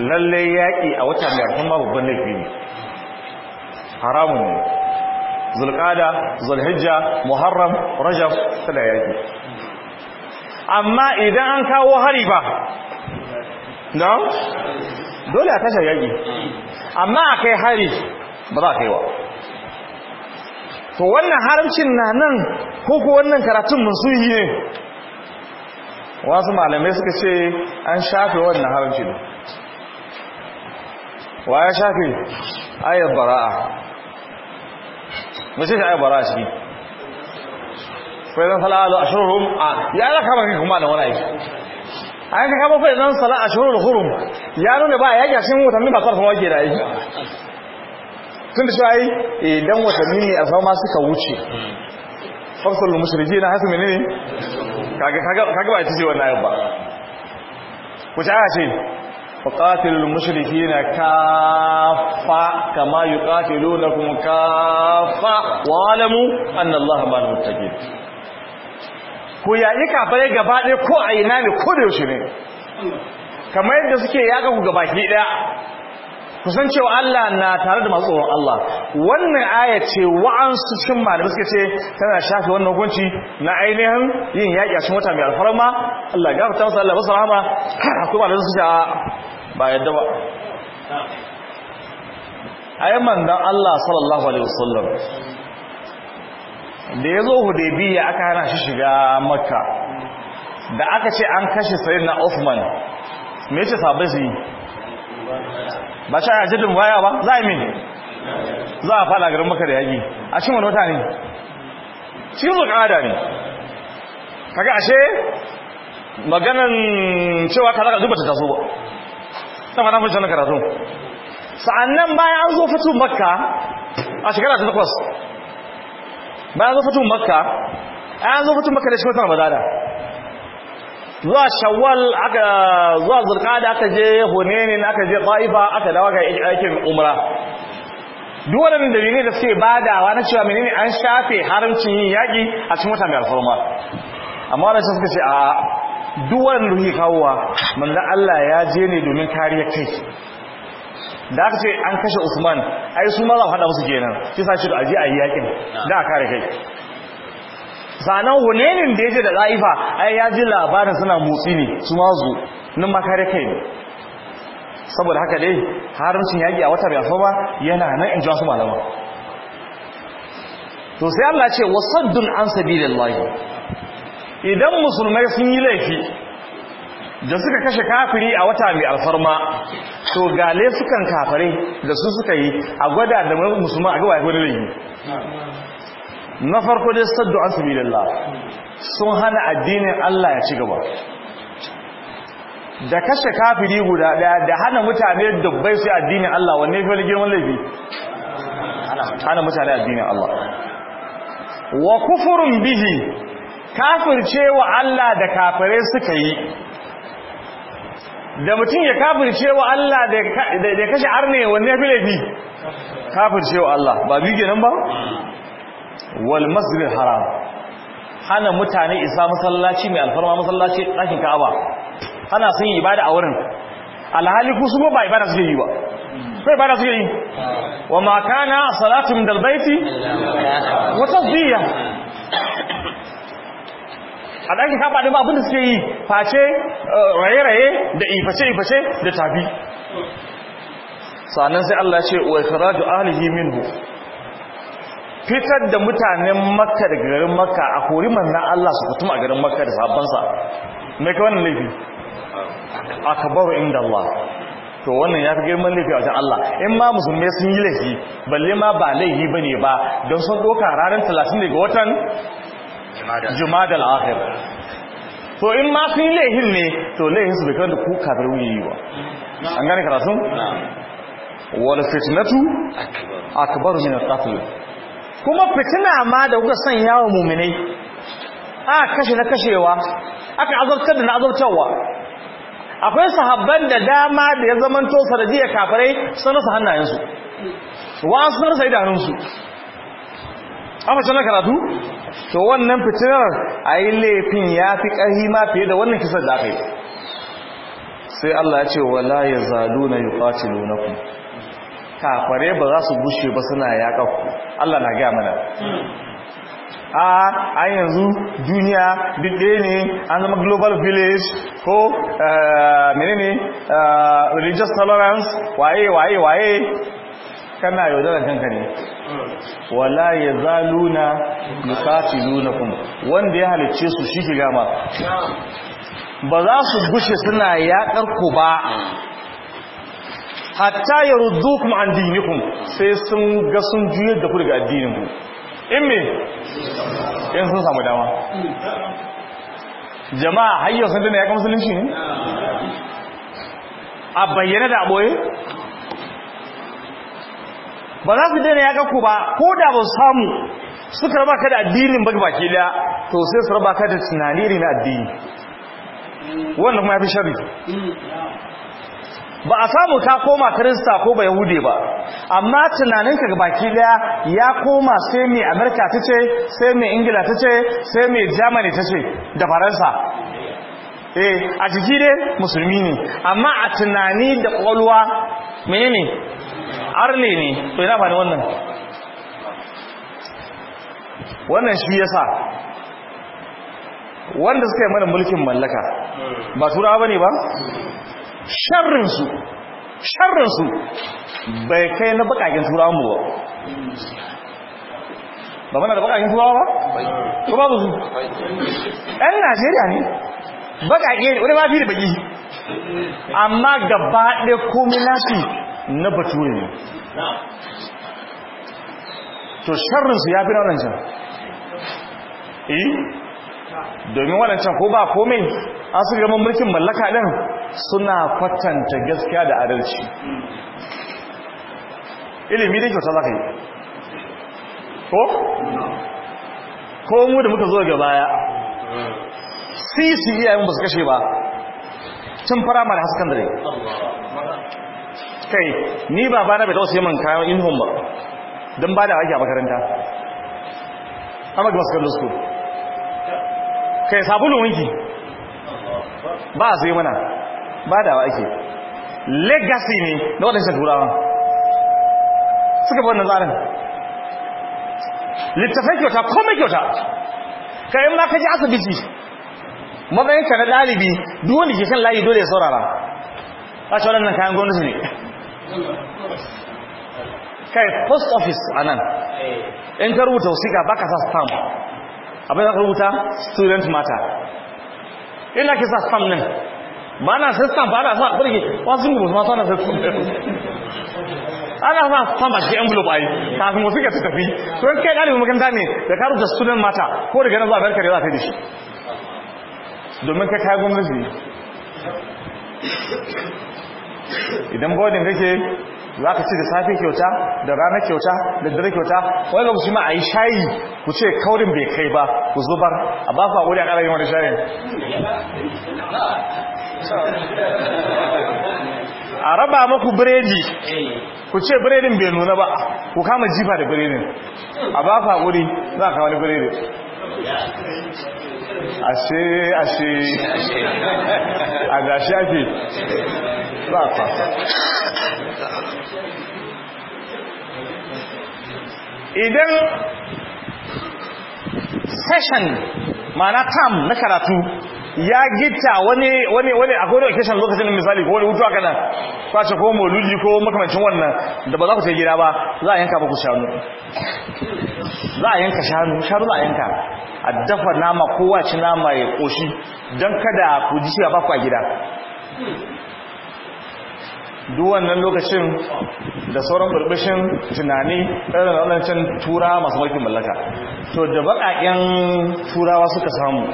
lalle yaƙi a watan alfarma babban laifi ne haramun ne zulqada zulhijja muharram rajab sada yaƙi amma idan an kawo hari ba na'am dole a tashar yaƙi amma a kai hari ba za a kai wa to wannan haramcin na nan ko ko wannan karatun musuhi ne wasu malamai suka ce an shafe wannan haramcin wa ya shafe ayyar bara'a mace shi ayyar bara'a shi faizan da ashirin a ya ala kama kai kuma da wani aiki An yanka kama fa idan sala a shurul hurum ya nuna ba ya gashin watanni ba sarfa wake da aiki tun da shi ai idan eh, watanni ne a sama suka wuce farsalul mushriki na hasu menene kaga kaga ba ita ce wannan ayat ba wuce aya ce faqatilul mushrikina kaffa kama yuqatilunakum kaffa wa alamu anna allaha ma'al muttaqin ya yi kafare gaba ɗaya ko a na ne ko da yaushe ne kamar yadda suke ya ku gaba ki ɗaya kusan cewa Allah na tare da masu tsoron Allah wannan aya ce wa'ansu cikin malamai suka ce tana shafe wannan hukunci na ainihin yin yaƙi a cikin wata mai alfarma Allah ya fita masa Allah masa rahama akwai malamai suka ba yadda ba ayi manzon Allah sallallahu alaihi wasallam da ya zo hudebiya aka hana shi shiga makka da aka ce an kashe sayyidina Uthman me yace sahabbai shi yi ba shi a jidin baya ba za a min za a fada garin maka da yaƙi a cikin wani wata ne cikin kanada ne kaga ashe maganan cewa ka zaka duba ta taso ba sama na fushin karatu sa'annan bayan an zo fito makka a shekara ta takwas ba zo fatu makka an zo fatu makka da shi watan ramadana zuwa shawwal aka zuwa zulqa'ada aka je hunainin aka je qa'ifa aka dawo ga aikin umra duk da ne da suke badawa na cewa menene an shafe haramcin yin yaƙi a cikin wata mai alfarma amma wadanda suka ce a duk ruhi kawowa manzan Allah ya je ne domin kariya kai da aka ce an kashe usman ai su ma za hada musu kenan shi sa shi da aji a yi yakin da a kare kai sanan hunenin da ya je da za'ifa ai ya ji labarin suna motsi ne su ma zo nan ma kai ne saboda haka dai haramcin yaki a wata bai ba yana nan in ji wasu malama to sai Allah ce wasaddun an sabilillahi idan musulmai sun yi laifi da suka kashe kafiri a wata mai alfarma to gale sukan kafare da su suka yi a gwada da musulman a gaba ya gwada yi na farko dai saddu an sabilillah sun hana addinin Allah ya ci gaba da kashe kafiri guda daya da hana mutane dubbai su addinin Allah wanne fi wani girman laifi hana mutane addinin Allah wa kufurin bihi kafirce wa Allah da kafare suka yi da mutum ya kafirce wa Allah da kashe arne wanne ya fi laifi kafirce wa Allah ba biyu nan ba wal masjidil haram hana mutane isa masallaci mai alfarma masallaci ɗakin ka'aba hana sun yi ibada a wurin alhali ku su ba ibada suke yi ba kai ibada suke yi wa ma kana salatu min dalbaiti wa tasbiya a ɗakin ka ɗin ba abinda suke yi face eh, raye-raye da iface-iface da tafi sannan sai Allah ce wa ikhraju ahlihi minhu fitar da mutanen makka da garin makka a kori manna Allah su fitum a garin makka da sabansa me ka wannan laifi akbaru inda Allah to wannan ya fi girman laifi a wajen Allah in ma musulmai sun yi laifi balle ma ba laifi ne ba don sun doka ranar 30 ga watan jumada da akhir to in ma sun yi laihin ne to laihin su bai kawai da ku kafin wuyi yi wa an gane karatun? wal fitnatu akbar min al-qatl kuma fitina ma da kuka san yawon muminai a kashe na kashewa aka azabtar da na azabtarwa akwai sahabban da dama da ya zamanto sanadiyar kafirai sun rasa hannayensu wa sun rasa idanunsu an fashe na karatu to wannan fitilar a yi laifin ya fi ƙarhi ma fiye da wannan kisar da aka sai Allah ya ce wala ya zalu na yi ƙwaci lunaku kafare ba za su gushe ba suna yaƙa ku Allah na gaya mana a an yanzu duniya didde ne an zama global village ko eh, menene eh, religious tolerance waye waye waye kana yaudaran kanka ne wala ya zaluna kuma wanda ya halicce su shi ki gama ba za su gushe suna yaƙar ku ba hatta kuma an kun sai sun ga sun juyar da ku daga addinin ku in me sun samu dama jama'a hayyar sun dana yaƙar musulunci ne a bayyana da aboye ba za su daina ga ku ba ko da ba samu suka raba ka da addinin baki baki daya to sai su raba ka da tunani irin addini wannan kuma ya fi shari ba a samu ka koma kirista ko ba yahude ba amma tunaninka ga baki daya ya koma sai mai amurka ta ce sai mai ingila ta ce sai mai germany ta ce da faransa eh a jiki dai musulmi ne amma a tunani da kwalwa menene arle ne to ina ba wannan wannan shi yasa wanda suka yi mana mulkin mallaka ba turawa bane ba sharrin su sharrin su bai kai na bakakin turawan mu ba ba mana da bakakin turawa ba ko ba su ɗan najeriya ne bakakin ne wani ba fi da baki amma gaba ɗaya komi nasu na bature ne to sharrinsu ya fi na wadancan eh domin wadancan ko ba komai an su gama mulkin mallaka ɗin suna kwatanta gaskiya da adalci ilimi da kyauta za ka yi ko? ko mu da muka zo ga baya sisi iyayen e ba su kashe ba tun firamare haskan dare kai ni baba na bai taɓa sai min kayan inhum ba don ba da aiki a makaranta amma ga masu kallon kai sabulu wanki ba a sai mana ba da ake legacy ne na shi turawa suka fi wannan tsarin littafai kyauta komai kyauta kayan ma kaji ji asibiti matsayinka na dalibi duk wanda ke kan layi dole ya saurara a shi waɗannan kayan gwamnati ne kai post office a nan eh. in ka rubuta wasiƙa ba ka sa stamp abin da ka rubuta student matter ina ke sa stamp nan ba na sa stamp ba na sa birge wasu rubutu masu ana sa stamp ana sa stamp a cikin envelope a yi kafin wasiƙa ta tafi to in kai ɗalibin makanta ne da ka rubuta student matter ko daga nan zuwa barka da za ta yi da shi domin kai kayan gwamnati idan bodin kake za ka ci da safe kyauta da rana kyauta da dare kyauta wani lokaci ma a yi shayi ku ce kaurin bai kai ba ku zubar a ba ku haƙuri a ƙarar yin wani shayin a raba maku biredi ku ce biredin bai nuna ba ku kama jifa da biredin a ba ku haƙuri za ka wani biredi ashe ashe a ga shafi ba kwasa idan session ma'ana tam na karatu ya gita wani wani wani akwai da kishin lokacin misali ko wani hutu aka nan kwace ko mauludi ko makamancin wannan da ba za ku sai gida ba za a yanka baku shanu za a yanka shanu shanu za a yanka a dafa nama kowace nama ya koshi don kada ku ji shiga ba a gida duk wannan lokacin da sauran burbushin tunani ɗarin can tura masu mulkin mallaka to da baƙaƙen turawa suka samu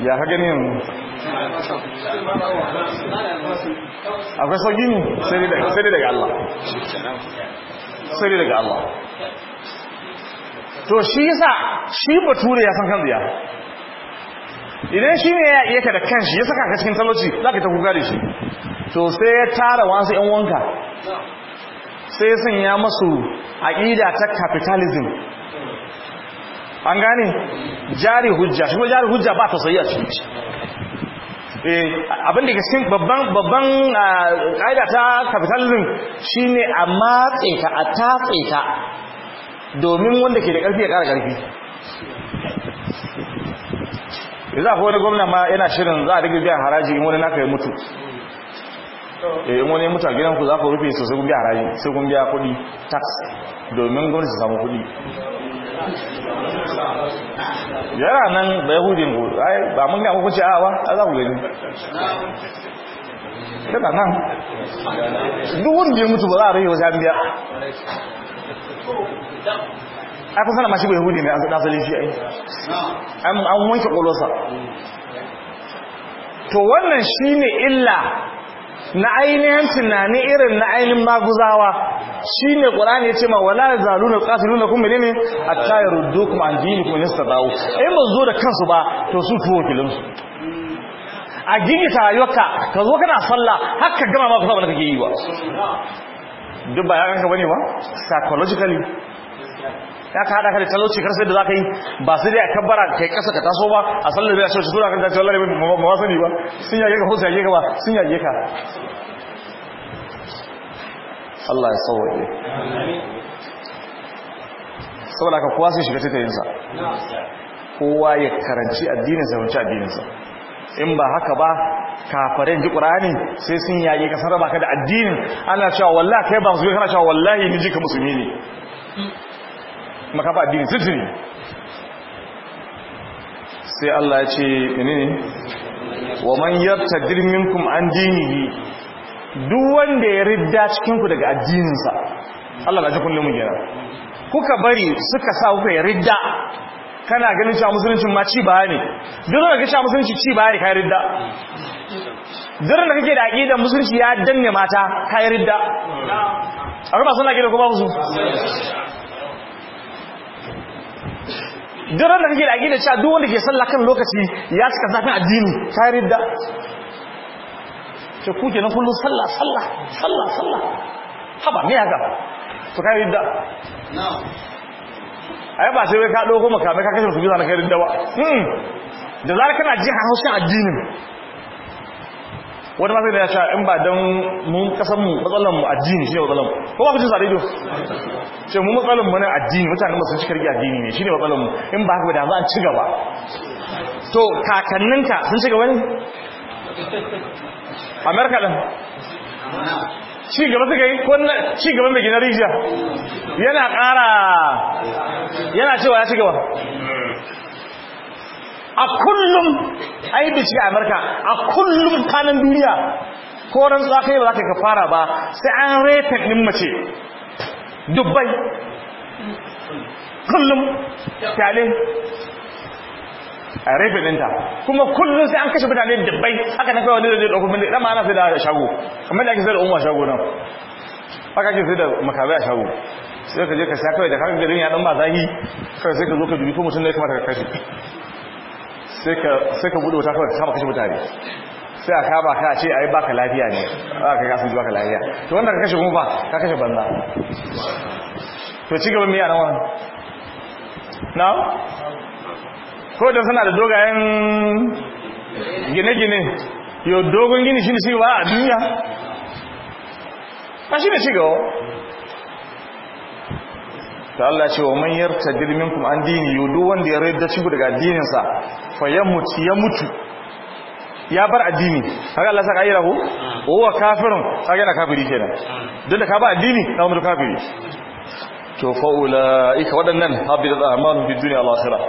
ya ka ganin? akwai sauki ne sai dai daga Allah sai dai daga Allah to shi yasa shi bature ya san kan ziya idan shi ne ya iya ka da kanshi ya saka ka cikin talauci za ka ta kuka da shi to sai ya tara wasu 'yan wanka sai sun ya masu aƙida ta capitalism an gane jari hujja shi jari hujja ba ta sayi a cikin shi eh, abin da cikin babban babban ah, ƙa'ida ta shi shine a matse ta a tatse ta domin wanda ke da ƙarfi ya ƙara ƙarfi za a wani gwamna ma yana shirin za a rage biyan haraji in wani naka ya mutu eh, in wani mutu a gidanku za ku rufe su sai kun biya haraji sai kun biya kuɗi tax domin gwamnati su samu kuɗi yana nan da yahudin ku ba mun ga hukunci a ba a za ku gani yana nan duk wanda ya mutu ba za a rai wajen biya a kusa da mashi ba yahudi ne an asali shi an wanke kolosa to wannan shi ne illa na ainihin tunani irin na ainihin maguzawa shine qur'ani ce ma wala kuma ne ne menene hatta dokuma an kuma nista istadau in ba zo da kansu ba to su tuwo kilinsu a ta rayuwarka ka zo kana sallah haka gama maguzawa kusa ba kake yi wa. duk ba bane ba psychologically ya ka haɗa ka da talauci karsa da za ka yi ba sai dai a kabbara ka yi ƙasa ka taso ba a sallar da ya shi tura kan tashi wallahi ba ba sani ba sun yage ka hosu yage ka ba sun yage ka Allah ya ne. saboda ka kowa sai shiga tattayinsa kowa ya karanci addininsa ya wuce addininsa in ba haka ba kafarin ji ƙurani sai sun yage ka ba ka da addinin ana cewa wallahi kai ba musulmi kana cewa wallahi ni ji ka musulmi ne kuma ka ba addini sai Allah ya ce ne ne wa man yartadir minkum an dinihi duk wanda ya ridda cikin ku daga addininsa Allah na ji kullum mu gina kuka bari suka sa kuka ya ridda kana ganin cewa musuluncin ma ci baya ne duk da a musulunci ci baya ne kai ridda duk da kake da aqida musulunci ya danne mata kai ridda a ruba suna gida ko ba su duk da kake da aqida cewa duk wanda ke sallah kan lokaci ya cika zafin addini ka ridda ce ku kenan kullu sallah sallah sallah sallah haba me ya gaba to ka ridda na'am ai ba sai wai ka dauko makamai ka kashe su gina na kai ridda ba hmm. da zarar kana jin haushin addinin wani ma sai da ya sha in ba don mun kasan mu matsalan mu addini shi ne matsalan mu ko ba ku jin sa daidai ce mu matsalan mu na addini mutane masu shi karki addini ne shi ne matsalan mu in ba haka ba da za a ci gaba to kakanninka sun ci gaba ne amerika ɗin ci gaba suka yi ci gaba mai gina rijiya yana ƙara yana cewa ya ci gaba a kullum a yi bincike a amurka a kullum kanan duniya ko ran za ka yi ba za ka fara ba sai an reta ɗin mace dubbai kullum tale a reta ɗinta kuma kullum sai an kashe mutane dubbai aka na kawai wani zai ɗauko mini ɗan ma'ana sai da shago kamar da ake sai da umar shago nan aka ake sai da makabai a shago sai ka je ka sha kawai da kawai garin ya ɗan ba zahi kawai sai ka zo ka dubi ko mutum da ya kamata ka kashe sai ka buɗe wuta kawai ta kashe mutane sai a kama ka ce a yi baka lafiya ne a ka kasu baka lafiya to wanda ka kashe kuma ba ka kashe banza to ci gaban miya na wani na ko da suna da dogayen gine-gine yau dogon gini shi ne shi ba a duniya ba shi ne ci gaba to Allah ce wa man yartadil minkum an dini yudu wanda ya rida shi daga addinin sa fa mutu ya mutu ya bar addini kaga Allah saka ayyara ko hmm. wa kafirun kaga na kafiri kenan hmm. duk da ka ba addini na mutu kafiri to fa ulaika wadannan habidat a'malu bid dunya wal akhirah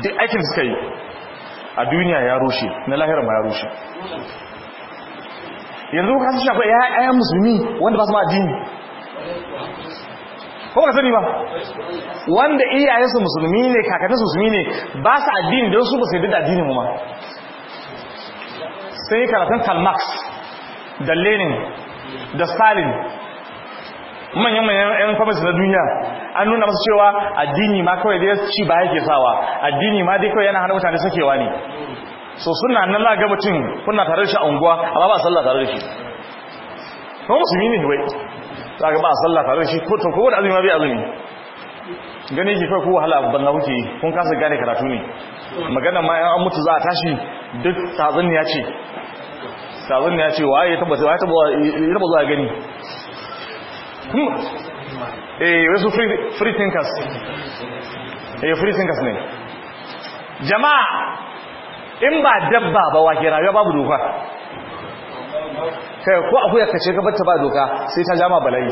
duk aikin suka yi a duniya ya rushe na lahira ma ya rushe yanzu ka san shafa ya ayyan musulmi wanda ba su ma addini ko ba sani ba wanda iyayensu musulmi ne kakanninsu musulmi ne ba su addini don su ba su yi da addini mu ma sai karatun Karl Marx da Lenin da Stalin manyan manyan yan famasi na duniya an nuna masu cewa addini ma kawai dai ci ba yake sawa addini ma dai kawai yana hana mutane sakewa ne so suna nan la ga kuna tare da shi a unguwa amma ba sallah tare da shi ba musulmi ne wai za ka ba a sallah tare shi ko to kowane azumi ma bai azumi gane ki kai ko wahala ban na kuke kun kasa gane karatu ne magana ma ya mutu za a tashi duk tazin ya ce tazin ya ce waye ya tabbata ya tabbata zuwa gani hmm? eh wasu free thinkers eh free thinkers ne jama'a in ba dabba ba wa ke rayuwa babu doka kai ko akuya ka ce gabar ta ba doka sai ta jama bala'i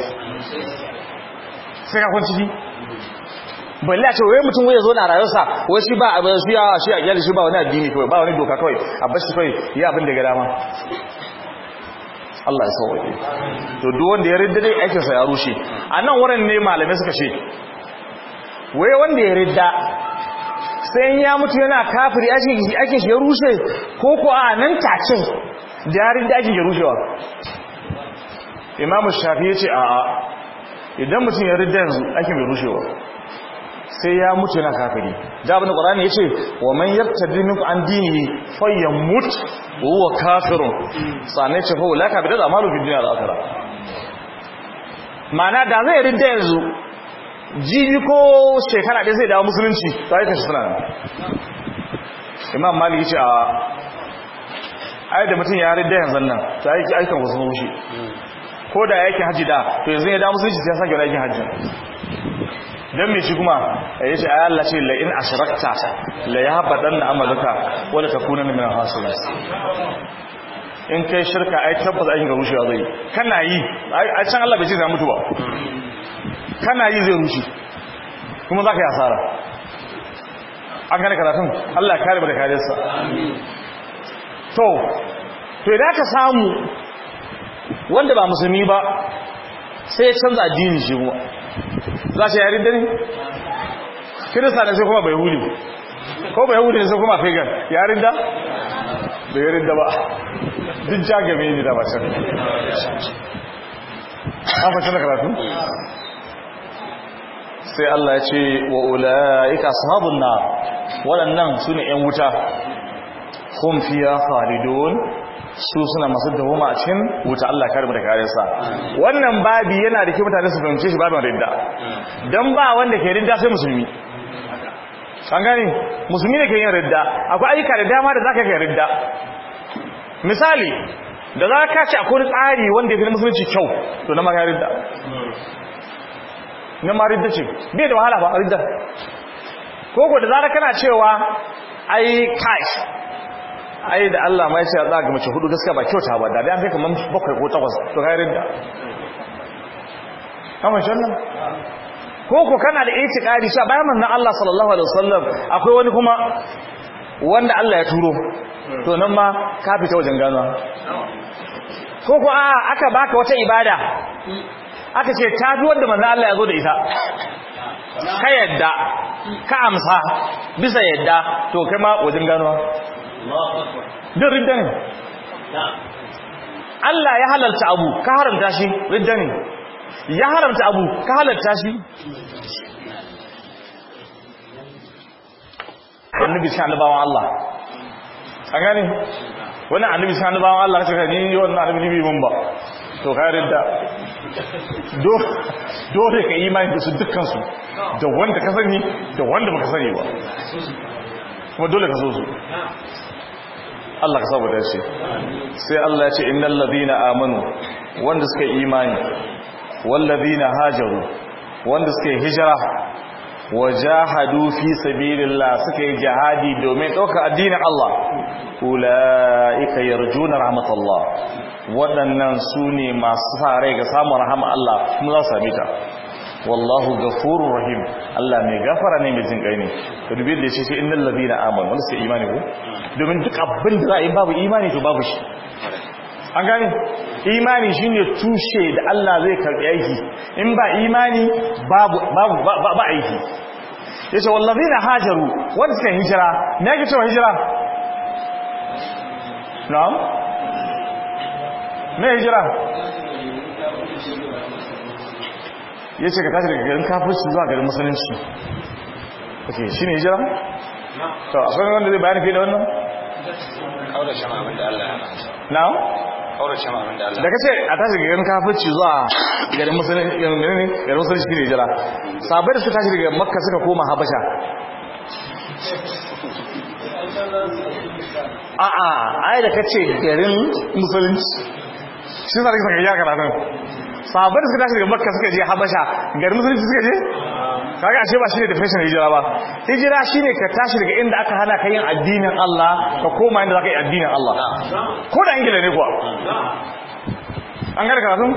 sai ka kwanci balle a ce wai mutum wai zo na rayuwarsa wai shi ba abin shi ya shi a iyali shi ba wani addini kawai ba wani doka kawai a bashi kawai ya abin da ga dama Allah ya sauwaƙe to duk wanda ya ridda dai aikinsa ya rushe a nan wurin ne malamai suka ce wai wanda ya ridda sai in ya mutu yana kafiri ake shi ya rushe ko ko a nan take jarin da ake ya rushewa imamu shafi ya ce a'a idan mutum ya ridda yanzu ake bai rushewa sai ya mutu yana kafiri da abin da ƙwararri ya ce wa man yarta diminku an dini fayyan mutu wuwa kafirun sannan ce fa wula kafin da zama da akara ma'ana da zai ridda yanzu jibi ko shekara ɗaya zai dawo musulunci ta yi kashi suna nan imam maliki ce a ayyar da mutum ya harin da yanzu nan ta yi aikin wasu mushi ko da yakin hajji da to yanzu ya dawo musulunci sai ya sake wani aikin hajji don mai shi kuma ya ce yalla ce la'in a shirakta la ya haɓa ɗan na amurka wadda ta kuna min minan hasu in kai shirka ai tabbas aikin ga rushewa zai kana yi a can Allah bai ce zai mutu ba kana yi zai rushe kuma za ka yi asara an gane karatun Allah kare ba da kariyarsa to to idan ka samu wanda ba musulmi ba sai ya canza addini shi kuma za shi yarin dare kirista ne sai kuma bai huli ko bai huli ne sai kuma fegan yarin da bai yarin da ba duk ja game ni da macen an fashe da karatu sai Allah ya ce wa ula'ika sahabun na waɗannan su ne ‘yan wuta hum fiya khalidun su suna masu dawoma a cikin wuta Allah karimu da karinsa wannan babi yana da ke mutane su fahimce shi babin ridda don ba wanda ke ridda sai musulmi an gani musulmi ne ke yin ridda akwai ayyuka da dama da za ka yi ridda misali da za ka ce akwai tsari wanda ya fi musulunci kyau to na magarin da na maridda ce bai da wahala ba maridda ko ko da zara kana cewa ai kai ai da Allah mai sai a tsaga mace hudu gaskiya ba kyauta ba da an kai kaman bakwai ko takwas to kai ridda kamar shannan ko ko kana da itiqadi sha bayan manzon Allah sallallahu alaihi wasallam akwai wani kuma wanda Allah ya turo to nan ma ka fita wajen ganuwa ko ko a aka baka wata ibada aka ce ta fi wadda manzan Allah ya zo da ita ka yadda ka amsa bisa yadda to kai ma wajen ganuwa duk ridda Allah ya halarta abu ka haramta shi ridda ya haramta abu ka halarta shi annabi shi annabawan Allah an gane wani annabi sani bawan Allah ka ni wannan annabi ne mun ba to ka da dole ka imani da su dukkan da wanda ka sani da wanda baka sani ba kuma dole ka so su Allah ka saboda shi sai Allah ya ce innal ladina amanu wanda suka imani wal ladina hajaru wanda suka hijira wajahadu fi sabilillah suka yi jihadi domin ɗaukar addinin Allah ulaika yarjuna rahmatullah waɗannan su sune masu sa rai ga samun rahama Allah kuma za su sami ta wallahu ghafurur rahim Allah mai gafara ne mai jin kai ne to dubi da shi sai innal ladina amanu wanda sai imani ko domin duk abin da za a yi babu imani to babu shi an gane imani ne tushe da Allah zai karbi aiki in ba imani babu babu ba aiki yace na hajaru wanda suka hijira me ake cewa hijira Na me hijira ce ka tashi daga garin su zuwa garin musulunci okay ne hijira to akwai wanda zai bayan fiye da wannan kaura shama abinda Allah ya da kace a tashi daga kafirci zuwa garin musulunci eh, garin musulunci ne jira sabai da suka tashi daga makka suka koma habasha a'a ai da kace garin musulunci shi ka ga ya karatu sahabbai da suka tashi daga makka suka je habasha garin musulunci suka je kaga ashe ba shine definition hijira ba hijira shine ka tashi daga inda aka hana ka yin addinin Allah ka koma inda zaka yi addinin Allah ko da ingila ne kuwa an gane karatun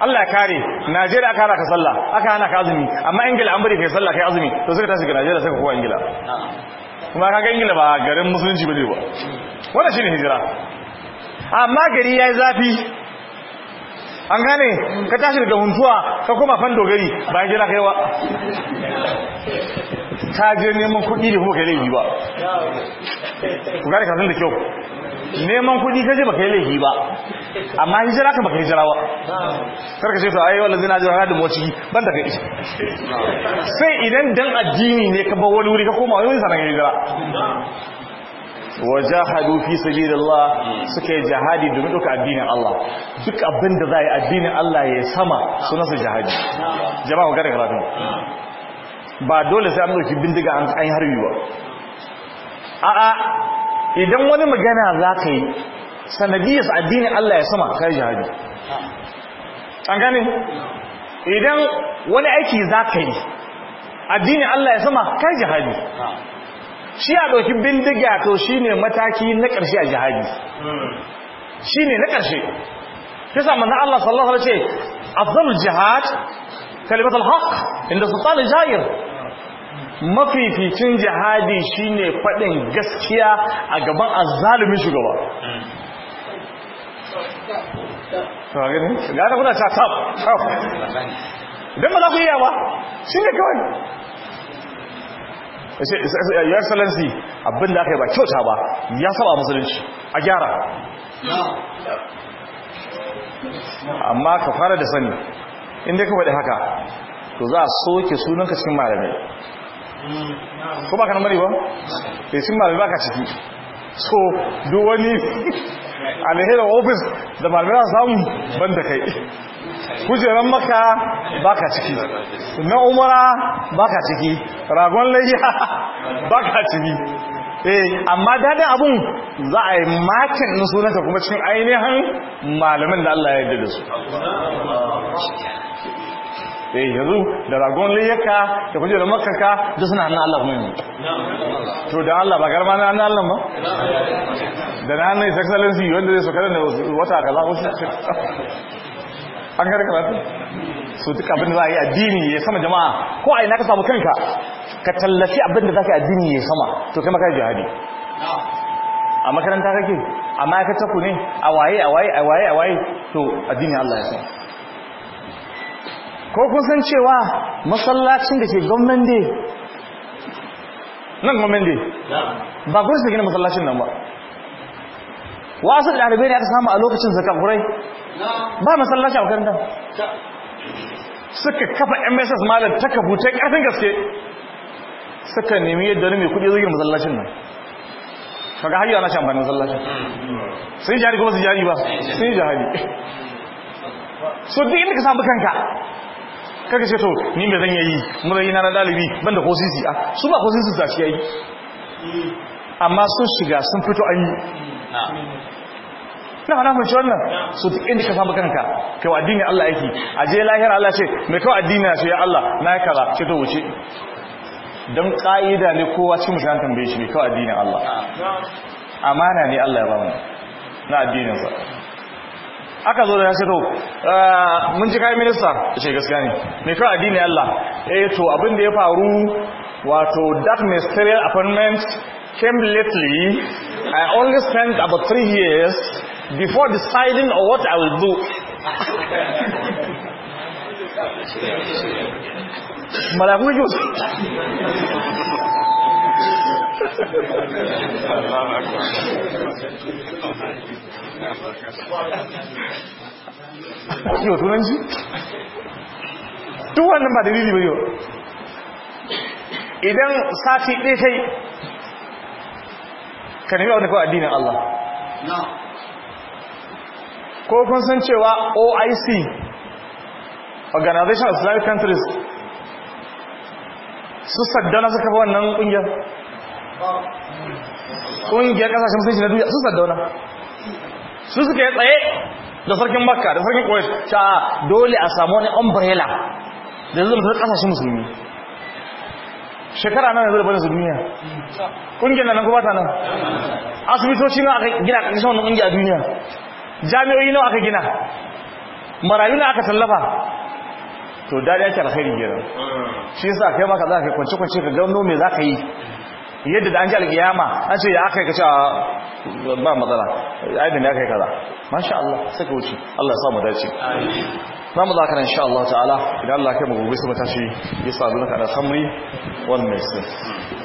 Allah ya kare Najeriya aka hana ka sallah aka hana ka azumi amma ingila an bari kai sallah kai azumi to suka tashi daga Najeriya suka kowa ingila kuma kaga ingila ba garin musulunci bane ba wannan shine hijira amma gari yayi zafi an gane ka tashi daga huntuwa ka koma fando gari bayan jira kai ba ta je neman kuɗi da kuma kai laifi ba ku gane kasan da kyau neman kuɗi je ba yi laifi ba amma hijira ka baka hijira ba karka ce to ayi wallahi na jira da wace ban da kai sai idan dan addini ne ka ba wani wuri ka koma wani sanan hijira wa jahadu fi sabilillah suka yi jihadi domin duka addinin Allah duk abin da zai addinin Allah ya sama suna su jihadi jama'a ga karatu ba dole sai an doki bindiga an yi harbi ba a'a idan wani magana za ka yi sanadiyar addinin Allah ya sama kai jihadi an gane idan wani aiki za ka yi addinin Allah ya sama kai jihadi shi a ɗauki bindiga to shi ne mataki na ƙarshe a jihadi shi ne na ƙarshe shi sa manna Allah sallallahu alaihi ce zan jihad kalimatul haqq inda sultan jayir mafificin jihadi shi ne faɗin gaskiya a gaban azzalumin shugaba ga ta kuna ta tab don ba za ku iya ba shi ne kawai ya salansi abin da aka yi ba kyauta ba ya saba musulunci a gyara amma ka fara da sani inda ka faɗi haka to za a soke sunanka cikin malamai ko ba ka nan mariwa? da eh, cikin malamai ba ka ciki so duwani wani ofis da malamai za samu ban da kai kujeran maka baka ciki na umara baka ciki ragon layya baka ciki eh amma dadin abun za a yi makin na sunanka kuma cikin ainihin malamin da Allah ya yarda da su eh yanzu da ragon ka da kujerar ka da suna hannun Allah kuma mu. to da Allah ba garma na hannun Allah ba da na hannun excellency wanda zai sokarar da wata kaza shi. an gari karatu so duk abin da za a yi addini ya sama jama'a ko a ina ka samu kanka ka tallafi abin da za ka yi addini ya sama to kai makar jihadi a makaranta kake a ma'aikata ku ne a waye a waye a waye a waye to addini Allah ya sa. ko kun san cewa masallacin da ke gwamnan nan gwamnan ba kun su gina masallacin nan ba wasu da ɗalibai ne aka samu a lokacin zakafurai ba masallaci a makaranta suka kafa mss malam ta kabutai ƙarfin gaske suka nemi yadda ne mai kuɗi zai masallacin nan kaga har yana shan amfani masallacin hmm. sun yi jari kuma su jari ba sun yi jari so duk inda ka samu kanka kaka ce to ni mai zan yayi murayi na na dalibi ban da kosisi a ah, su ba kosisi za su yayi hmm. amma sun shiga sun fito an yi na kun mun wannan so duk inda ka samu kanka kai wa addinin Allah yake aje lahira Allah ce mai kawai addinin na ya Allah na ya kaza ce to wuce don ka'ida ne kowa cikin mutanen tambaye shi mai kawai addinin Allah amana ne Allah ya ba mu na addinin sa aka zo da ya ce eh, mun ji kai minista ce gaskiya ne mai kawai addinin Allah eh to abin da ya faru wato that mysterious appointment came lately, I only spent about three years before deciding on what I will do. wannan ba ba Idan sati ɗaya kai Kan yi wani da kawai addinin Allah ko kun san cewa oic organization of islamic countries su saddauna suka fi wannan kungiyar kungiyar kasashen musulunci na duniya su saddauna su suka yi tsaye da sarkin makka da sarkin kuwait ta dole a samu wani umbrella da zai zama kasashen musulmi shekara nan yanzu da barin su duniya ƙungiyar nan ko ta nan asibitoci nan aka gina ƙarƙashin wannan ƙungiya a duniya jami'oyi nan aka gina marayu nan aka tallafa to dadi ake alkhairi gina shi yasa kai maka za ka kwance kwance ka gano me za ka yi yadda da an ji alkiyama an ce ya aka yi a ah, ba matsala ai ya ne kaza masha Allah sai ka wuce Allah ya sa mu dace namu za ka nan insha Allah ta'ala idan Allah ya kai mu gobe sai mu tashi yasa abin kada ka da khamri